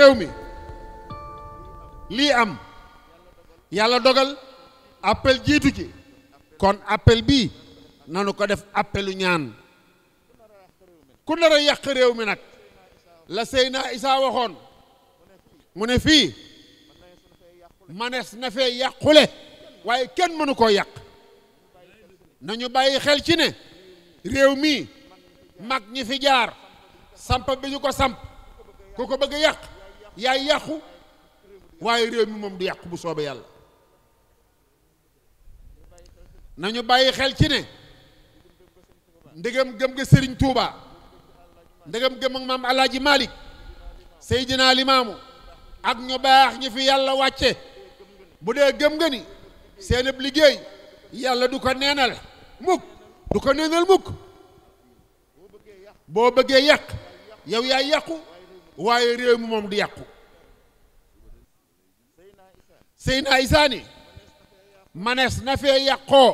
réew mi lii am yàlla dogal appel jiitu ci kon appel bii nanu ko def appelu ñaan ku nar yàq réew mi nag la Seydina Isaa waxoon mu ne fii manees na fee yàqule waaye kenn mënu koo yàq nañu bàyyi xel ci ne réew mii mag ñi fi jaar samp bi ñu ko sàmp ku ko bëgg yàq yaay yàqu waaye réew mi moom du yàqu bu soobee yàlla nañu bàyyi xel ci ne ndegam gëm nga sëriñ Touba ndegam gëm ak maam El Hadj naa Seydina Limaamu ak ñu baax ñu fi yàlla wàcce bu dee gëm nga ni seenab liggéey yàlla du ko neenal mukk du ko neenal mukk boo bëggee yàq yow yaay yàqu. waaye réew mi moom di yàqu sëy na isaani manees na fee yàqoo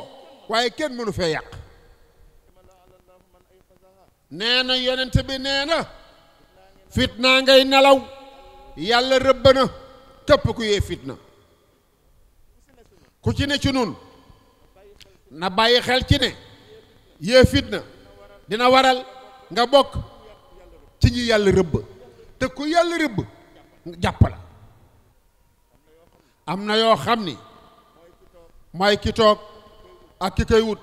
waaye kenn mënu fee yàq nee na yonent bi nee na fit fitna ngay nelaw yàlla rëbb na képp ku yee fitna ku ci ne ci nun na bàyyi xel ci ne yee fitna dina waral nga bokk ci ñi yàlla rëbb te ku yàlla rëbb jàpp la am na yoo xam ni mooy ki toog ak ki koy wut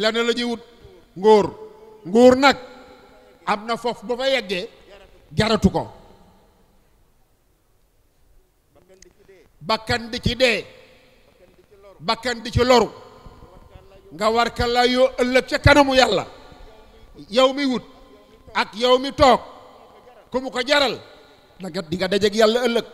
lenn la ñuy wut nguur nguur nag am na foofu ba fa yeggee jaratu ko bakkan di ci dee bakkan di ci loru nga war ka la yoo ëllëg ca kanamu yàlla yow mi wut ak yow mi toog ku ko jaral nagat di nga dajeek yàlla ëllëg